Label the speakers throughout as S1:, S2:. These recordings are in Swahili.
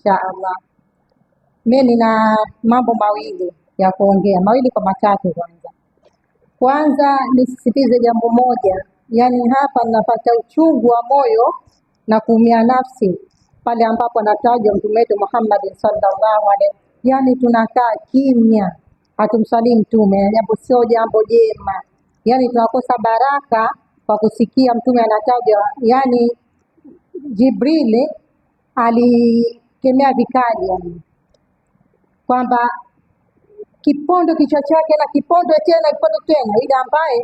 S1: insha Allah. Mimi nina mambo mawili ya kuongea, mawili kwa matatu. Kwanza kwanza nisisitize jambo moja, yaani hapa ninapata uchungu wa moyo na kuumia nafsi pale ambapo anatajwa mtume wetu Muhammad sallallahu alaihi, yaani tunakaa kimya, hatumsalii mtume, jambo sio jambo jema, yaani tunakosa baraka kwa kusikia mtume anatajwa, yaani Jibrili ali kemea vikali, yani kwamba kipondo kichwa chake na kipondo tena kipondo tena, ile ambaye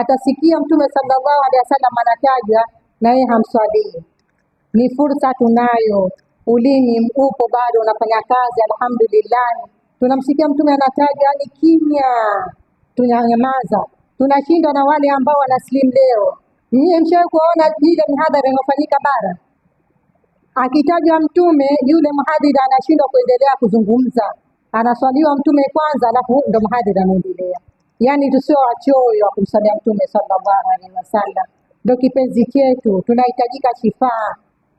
S1: atasikia Mtume sallallahu alaihi wasallam anataja na yeye hamswadii. Ni fursa tunayo, ulimi upo bado unafanya kazi, alhamdulillah. Tunamsikia Mtume anataja ni kimya, tunanyamaza, tunashindwa na wale ambao wanaslimu leo. Mie mshawahi kuona ile mihadhara inayofanyika bara Akitajwa mtume yule mhadhiri anashindwa kuendelea kuzungumza, anaswaliwa mtume kwanza, alafu ndo mhadhiri anaendelea. yani tusio wachoyo wa kumswalia mtume sallallahu alaihi wasallam, ndo kipenzi chetu, tunahitajika shifaa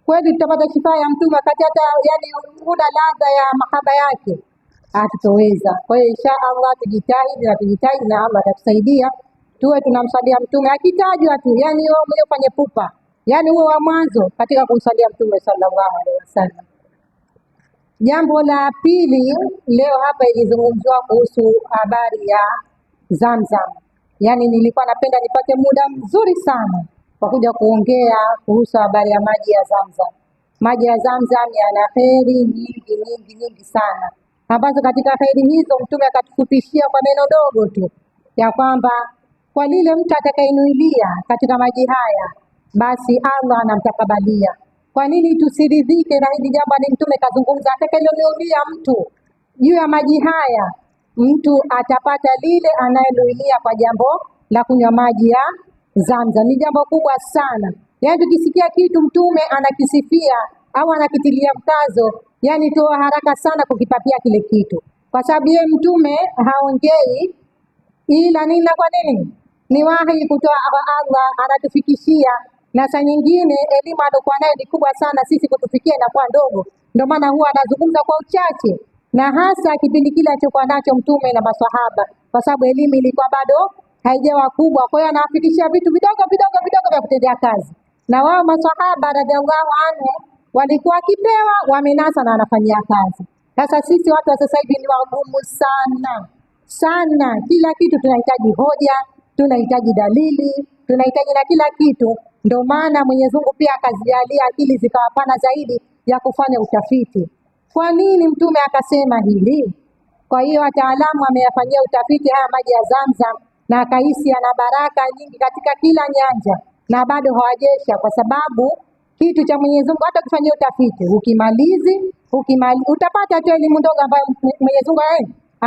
S1: kweli. Tutapata shifaa ya mtume wakati hata yani una ladha ya mahaba yake atutoweza. Kwa hiyo insha Allah tujitahidi na tujitahidi, na Allah atatusaidia tuwe tunamswalia mtume akitajwa tu, yani wewe mwenyewe ufanye pupa yaani huo wa mwanzo katika kumswalia Mtume sallallahu alaihi wasallam. Jambo la pili, leo hapa ilizungumziwa kuhusu habari ya Zamzam, yaani nilikuwa napenda nipate muda mzuri sana kwa kuja kuongea kuhusu habari ya maji ya Zamzam. Maji ya Zamzam yana heri nyingi nyingi nyingi sana, ambazo katika heri hizo Mtume akatufupishia kwa neno dogo tu ya kwamba kwa lile mtu atakayenuilia katika maji haya basi Allah anamtakabalia. Kwa nini tusiridhike na hili jambo? Ni Mtume kazungumza, atakayeliulia mtu juu ya maji haya, mtu atapata lile anayeliulia kwa jambo la kunywa maji ya Zamzam. Ni jambo kubwa sana, yaani tukisikia kitu Mtume anakisifia au anakitilia mkazo, yani toa haraka sana kukipapia kile kitu, kwa sababu yeye Mtume haongei ila nina kwa nini, ni wahi kutoa Allah, anatufikishia na saa nyingine elimu alokuwa nayo ni kubwa sana, sisi kutufikia inakuwa ndogo. Ndio maana huwa anazungumza kwa uchache, na hasa kipindi kile alichokuwa nacho Mtume na maswahaba, kwa sababu elimu ilikuwa bado haijawa kubwa. Kwa hiyo anawafikishia vitu vidogo vidogo vidogo vya kutendea kazi, na wao maswahaba radhiallahu anhu walikuwa wakipewa wamenasa na wanafanyia kazi. Sasa sisi watu wa sasa hivi ni wagumu sana sana, kila kitu tunahitaji hoja, tunahitaji dalili, tunahitaji na kila kitu ndio maana Mwenyezi Mungu pia akazijalia akili zikawapana zaidi ya kufanya utafiti. Kwa nini Mtume akasema hili? Kwa hiyo wataalamu ameyafanyia utafiti haya maji ya Zamzam na akahisi yana baraka nyingi katika kila nyanja, na bado hawajesha, kwa sababu kitu cha Mwenyezi Mungu hata ukifanyia utafiti ukimalizi ukimali, utapata tu elimu ndogo ambayo Mwenyezi Mungu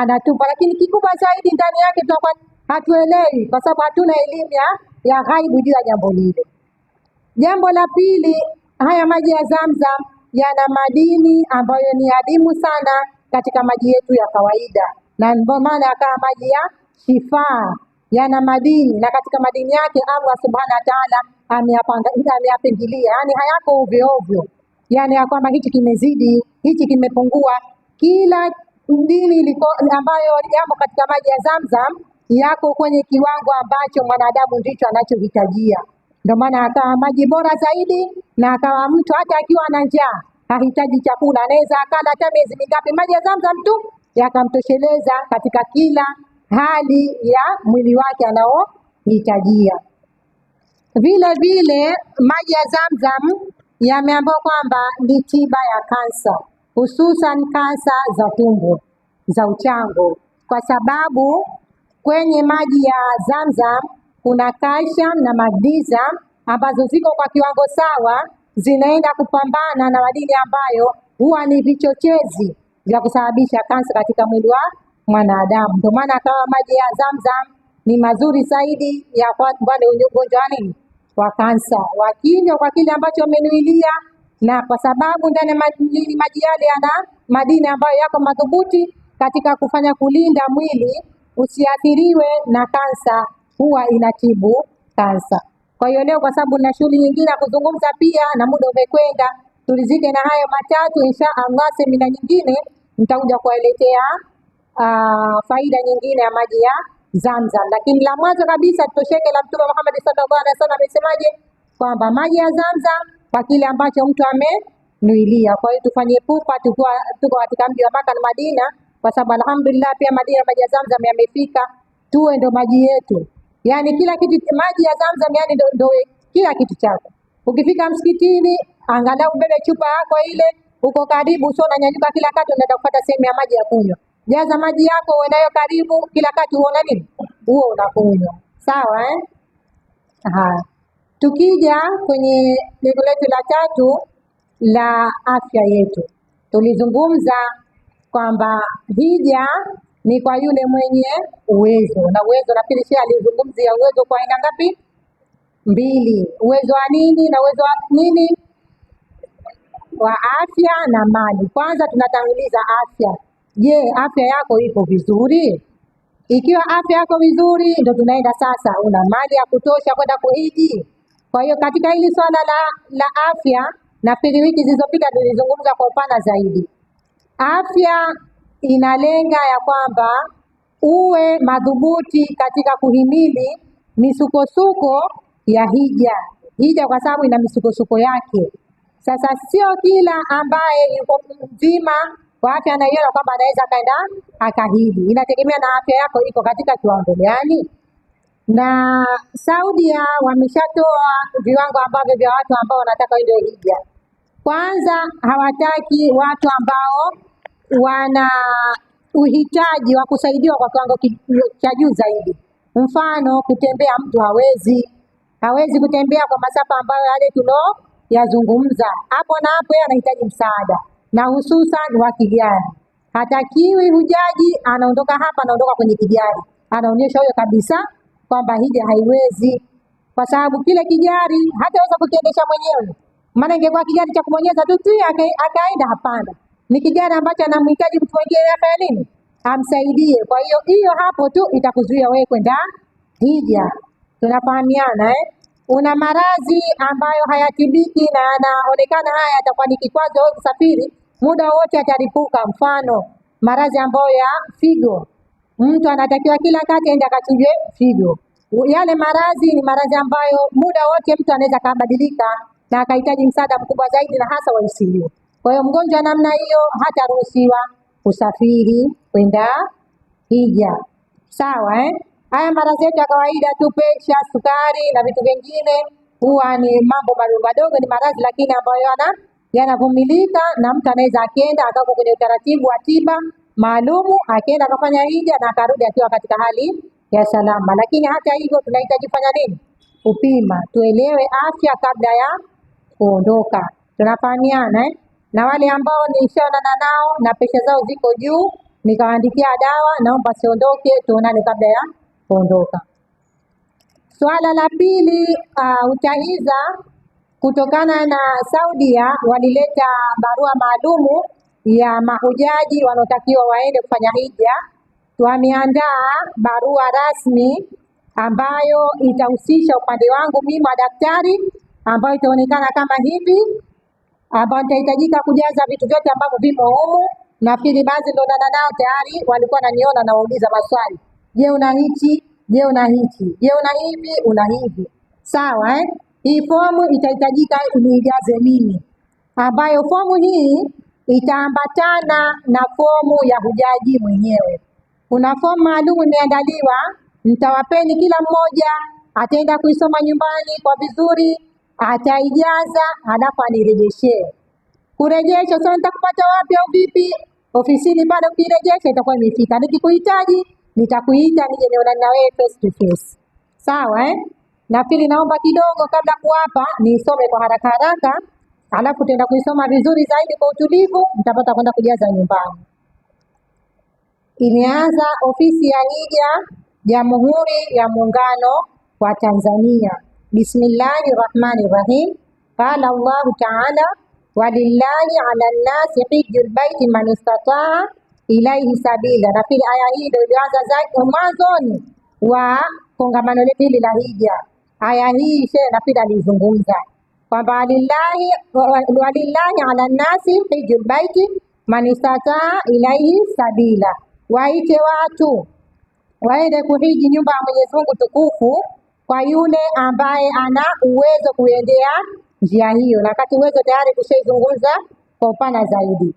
S1: anatupa, lakini kikubwa zaidi ndani yake tunakuwa hatuelewi, kwa sababu hatuna elimu ya ghaibu juu ya jambo lile. Jambo la pili, haya maji ya Zamzam yana madini ambayo ni adimu sana katika maji yetu ya kawaida, na ndio maana akawa maji ya shifaa, yana madini, na katika madini yake Allah subhanahu wa taala ameyapangilia, yaani hayako ovyo ovyo, yaani ya kwamba hichi kimezidi, hichi kimepungua. Kila dini iliko ambayo yamo katika maji ya Zamzam yako kwenye kiwango ambacho mwanadamu ndicho anachohitajia. Ndio maana akawa maji bora zaidi, na akawa mtu hata akiwa na njaa hahitaji chakula, anaweza akala hata miezi mingapi, maji ya Zamzam tu yakamtosheleza katika kila hali ya mwili wake anaohitajia. Vile vile maji ya Zamzam yameambiwa kwamba ni tiba ya kansa, hususan kansa za tumbo za uchango, kwa sababu kwenye maji ya Zamzam kuna calcium na magnesium ambazo ziko kwa kiwango sawa, zinaenda kupambana na madini ambayo huwa ni vichochezi vya kusababisha kansa katika mwili wa mwanadamu. Ndio maana akawa maji ya Zamzam ni mazuri zaidi ya wale wenye ugonjwa nini wa kansa, wakinywa kwa kile ambacho wamenuilia, na kwa sababu ndani ya maji yale yana madini ambayo yako madhubuti katika kufanya kulinda mwili usiathiriwe na kansa huwa inatibu kansa. Kwa hiyo leo, kwa sababu na shughuli nyingine ya kuzungumza pia na muda umekwenda, tulizike na hayo matatu. Insha Allah, semina nyingine nitakuja kuwaletea uh, faida nyingine ya maji ya Zamzam, lakini la mwanzo kabisa tutosheke la Mtume Muhammad sallallahu alaihi wasallam amesemaje? Kwamba maji ya Zamzam kwa kile ambacho mtu amenuilia. Kwa hiyo tufanye pupa, tuko katika mji wa Maka na Madina, kwa sababu alhamdulillah pia Madina maji ya Zamzam yamefika, tuwe ndo maji yetu yani kila kitu, maji ya Zamzam yani ndio kila kitu chako. Ukifika msikitini, angalau bebe chupa yako ile, uko karibu, sio unanyanyuka kila kati unaenda kupata sehemu ya maji ya kunywa. Jaza maji yako unayo karibu, kila kati uona nini huo unakunywa, sawa eh? tukija kwenye lengo letu la tatu la afya yetu, tulizungumza kwamba hija ni kwa yule mwenye uwezo na uwezo. pili, shehe alizungumzia uwezo kwa aina ngapi? Mbili, uwezo wa nini na uwezo wa nini? Wa afya na mali. Kwanza tunatanguliza afya. Je, afya yako iko vizuri? Ikiwa afya yako vizuri, ndo tunaenda sasa, una mali ya kutosha kwenda kuhiji. Kwa hiyo katika hili swala la, la afya, pili, wiki zilizopita tulizungumza kwa upana zaidi afya inalenga ya kwamba uwe madhubuti katika kuhimili misukosuko ya hija. Hija kwa sababu ina misukosuko yake. Sasa sio kila ambaye yuko mzima kwa afya anaiona kwamba anaweza akaenda akahiji, inategemea na afya yako iko katika kiwango gani. Na Saudia wameshatoa viwango ambavyo vya watu ambao wanataka wende hija. Kwanza hawataki watu ambao wana uhitaji wa kusaidiwa kwa kiwango cha juu zaidi. Mfano, kutembea, mtu hawezi hawezi kutembea kwa masafa ambayo yale tulo yazungumza hapo na hapo, yeye anahitaji msaada na hususan wa kijani. Hatakiwi hujaji anaondoka hapa, anaondoka kwenye kijari, anaonyesha huyo kabisa kwamba hili haiwezi, kwa sababu kile kijari hataweza kukiendesha mwenyewe. Maana ingekuwa kijari cha kumonyeza tu tu akaenda, hapana ni kijana ambacho anamhitaji mtu mwingine afanya nini, amsaidie. Kwa hiyo hiyo hapo tu itakuzuia wewe kwenda hija, tunafahamiana eh? Una maradhi ambayo hayatibiki na yanaonekana haya yatakuwa ni kikwazo kusafiri, muda wote ataripuka. Mfano maradhi ambayo ya figo, mtu anatakiwa kila kati aende akachujwe figo. Yale maradhi ni maradhi ambayo muda wote mtu anaweza akabadilika na akahitaji msaada mkubwa zaidi, na hasa wa ICU. Kwa hiyo mgonjwa namna hiyo hataruhusiwa kusafiri kwenda hija, sawa eh? Haya maradhi yetu ya kawaida tu, presha, sukari na vitu vingine, huwa ni mambo madogo madogo, ni maradhi lakini ambayo yana yanavumilika, na mtu anaweza akienda akako kwenye utaratibu wa tiba maalumu, akienda akafanya hija na akarudi akiwa katika hali ya salama. Lakini hata hivyo tunahitaji kufanya nini? Kupima, tuelewe afya kabla ya kuondoka. Tunafahamiana eh? na wale ambao nishaonana nao na pesha zao ziko juu, nikawaandikia dawa, naomba siondoke, tuonane kabla ya kuondoka. Swala la pili, uh, utahiza kutokana na Saudia walileta barua maalumu ya mahujaji wanaotakiwa waende kufanya hija. Wameandaa barua rasmi ambayo itahusisha upande wangu mimi daktari, ambayo itaonekana kama hivi ambayo nitahitajika kujaza vitu vyote ambavyo vimo humu. Nafikiri baadhi nana nao tayari walikuwa naniona nawauliza maswali, je, una hichi? Je, una hichi? Je, una hivi? Una hivi? Sawa eh? Hii fomu itahitajika niijaze mimi, ambayo fomu hii itaambatana na fomu ya hujaji mwenyewe. Kuna fomu maalum imeandaliwa, nitawapeni kila mmoja, ataenda kuisoma nyumbani kwa vizuri ataijaza halafu anirejeshee. Kurejesha sasa nitakupata wapi au vipi? Ofisini pale ukirejesha itakuwa imefika. Nikikuhitaji nitakuita nije nionane na wewe face to face, sawa eh? pili, naomba kidogo kabla kuwapa nisome kwa haraka haraka, alafu tenda kuisoma vizuri zaidi kwa utulivu, mtapata kwenda kujaza nyumbani. Imeanza ofisi ya NIDA Jamhuri ya Muungano wa Tanzania. Bismillahi rahmani rahim. Qala Allahu taala walillahi ala nnasi hiju lbaiti man istataa ilaihi sabila. Nafikiri aya hii ndio ilianza mwanzoni wa kongamano hili la hija. Aya hii shehe nafikiri alizungumza kwamba walillahi walillahi ala nnasi hiju lbaiti man istataa ilaihi sabila, waite watu waende kuhiji nyumba ya Mwenyezi Mungu tukufu kwa yule ambaye ana uwezo kuendea njia hiyo, na wakati uwezo tayari tushaizungumza kwa upana zaidi.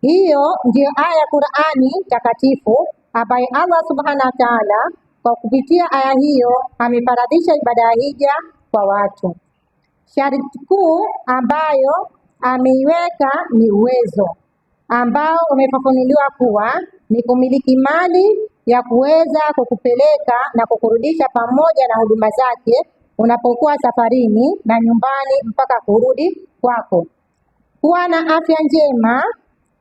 S1: Hiyo ndiyo aya ya Qur'ani takatifu ambaye Allah subhanahu wa ta'ala kwa kupitia aya hiyo amefaradhisha ibada ya hija kwa watu. Sharti kuu ambayo ameiweka ni uwezo ambao umefafanuliwa kuwa ni kumiliki mali ya kuweza kukupeleka na kukurudisha pamoja na huduma zake unapokuwa safarini na nyumbani mpaka kurudi kwako. Kuwa na afya njema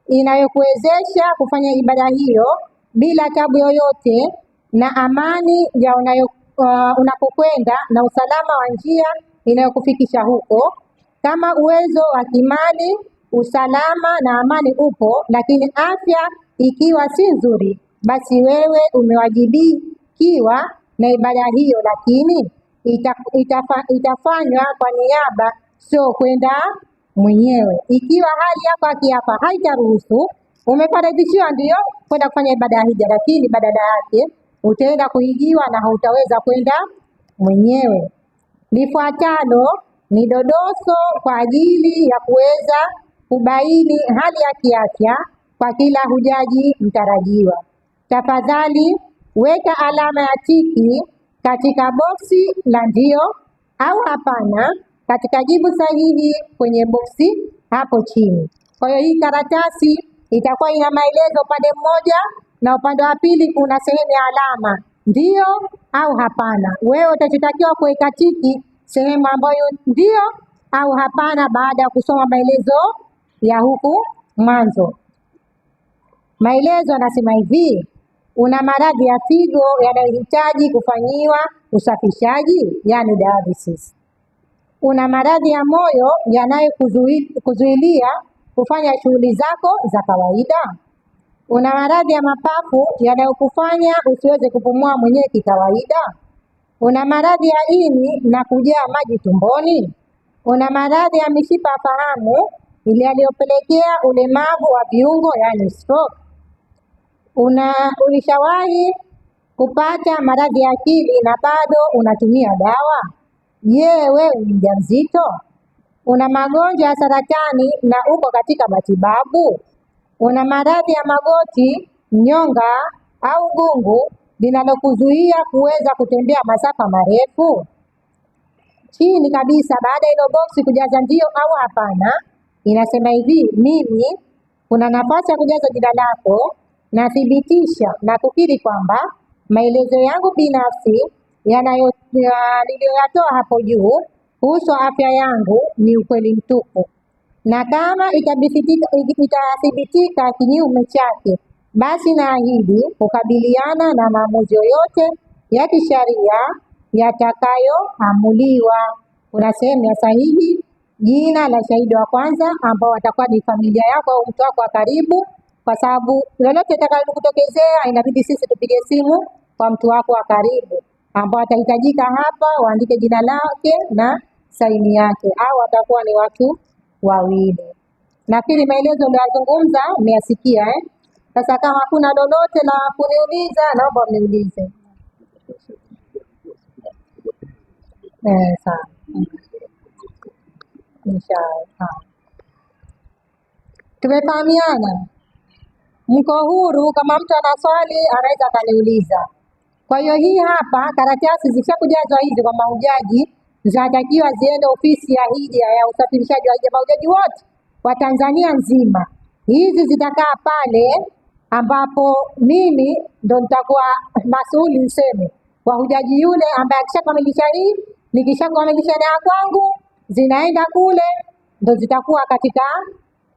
S1: inayokuwezesha kufanya ibada hiyo bila tabu yoyote na amani ya unayo, uh, unapokwenda na usalama wa njia inayokufikisha huko. Kama uwezo wa kimali, usalama na amani upo, lakini afya ikiwa si nzuri basi wewe umewajibikiwa na ibada hiyo, lakini itafa, itafanywa kwa niaba, sio kwenda mwenyewe. Ikiwa hali yako akiapa haitaruhusu, umefaradhishiwa ndio kwenda kufanya ibada ya hija, lakini badala yake utaenda kuigiwa na hautaweza kwenda mwenyewe. Lifuatalo ni dodoso kwa ajili ya kuweza kubaini hali ya kiafya kwa kila hujaji mtarajiwa. Tafadhali weka alama ya tiki katika boksi la ndio au hapana katika jibu sahihi kwenye boksi hapo chini. Kwa hiyo hii karatasi itakuwa ina maelezo upande mmoja na upande wa pili kuna sehemu ya alama ndio au hapana. Wewe utachotakiwa kuweka tiki sehemu ambayo ndio au hapana, baada ya kusoma maelezo ya huku mwanzo. Maelezo anasema hivi una maradhi ya figo yanayohitaji kufanyiwa usafishaji, yani dialysis. Una maradhi ya moyo yanayokuzuilia kufanya shughuli zako za kawaida. Una maradhi ya mapafu yanayokufanya usiweze kupumua mwenyewe kikawaida. Una maradhi ya ini na kujaa maji tumboni. Una maradhi ya mishipa ya fahamu yaliyopelekea ulemavu wa viungo, yani stroke una ulishawahi kupata maradhi ya akili na bado unatumia dawa? Je, wewe ni mjamzito? Una magonjwa ya saratani na uko katika matibabu? Una maradhi ya magoti, nyonga au gungu linalokuzuia kuweza kutembea masafa marefu? Chini kabisa, baada ya ilo boksi kujaza ndio au hapana, inasema hivi: mimi, kuna nafasi ya kujaza jina lako Nathibitisha na kukiri kwamba maelezo yangu binafsi niliyoyatoa hapo juu kuhusu afya yangu ni ukweli mtupu, na kama itathibitika kinyume chake, basi naahidi kukabiliana na maamuzi yoyote ya kisheria yatakayoamuliwa. Kuna sehemu ya sahihi jina la shahidi wa kwanza ambao watakuwa ni familia yako au mtu wako wa karibu kwa sababu lolote litakalo kutokezea inabidi sisi tupige simu kwa mtu wako wa karibu ambao atahitajika hapa, waandike jina lake na saini yake, au watakuwa ni watu wawili. Nafikiri maelezo niliyozungumza mmeyasikia, eh? Sasa kama kuna lolote la kuniuliza, naomba mniulize. Eh, sawa. Tumefahamiana? mko huru, kama mtu ana swali anaweza akaniuliza. Kwa hiyo hii hapa karatasi zikishakujazwa hizi kwa mahujaji, zinatakiwa ziende ofisi ya hija ya usafirishaji wa hija, mahujaji wote wa Tanzania nzima. Hizi zitakaa pale ambapo mimi ndo nitakuwa masuhuli, niseme wahujaji yule ambaye akishakamilisha hii, nikishakamilisha na kwangu, zinaenda kule, ndo zitakuwa katika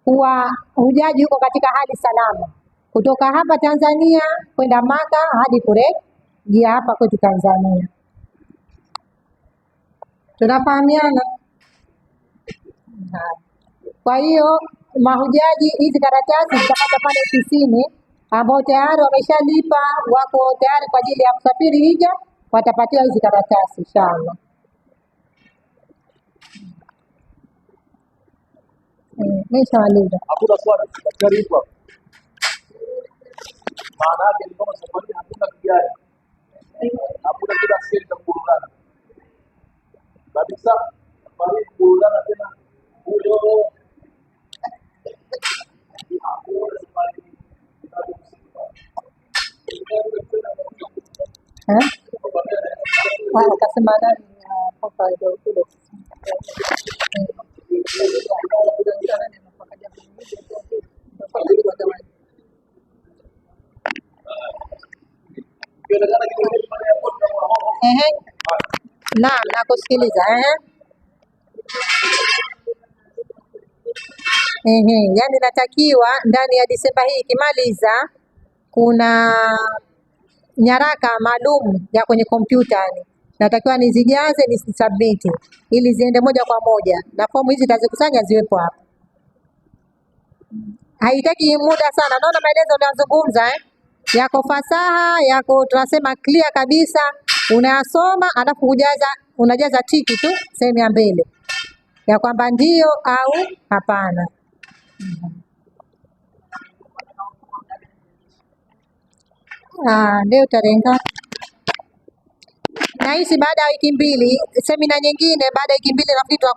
S1: kuwa hujaji huko katika hali salama kutoka hapa Tanzania kwenda Maka hadi kurejea hapa kwetu Tanzania. Tunafahamiana? Kwa hiyo mahujaji, hizi karatasi zitapata pale ofisini, ambao tayari wameshalipa wako tayari kwa ajili ya kusafiri hija, watapatiwa hizi karatasi inshallah. Hmm, Nimeshamaliza. Hakuna swali. Daktari Maana yake ni kwamba safari hakuna kijani, hakuna kila senta kurudana kabisa. Safari hii tena huyo akasema nani Papa Naam, nakusikiliza. Yaani natakiwa ndani ya Disemba hii ikimaliza, kuna nyaraka maalum ya kwenye kompyuta yani natakiwa nizijaze nisubmiti, ili ziende moja kwa moja, na fomu hizi tazikusanya ziwepo hapa. Haitaki muda sana, naona maelezo unazungumza eh? yako fasaha yako, tunasema clear kabisa, unayasoma alafu kujaza, unajaza tiki tu sehemu ya mbele ya kwamba ndio au hapana. Ah, leo tarehe ngapi? Nahisi baada ya wiki mbili semina nyingine, baada ya wiki mbili rafiki.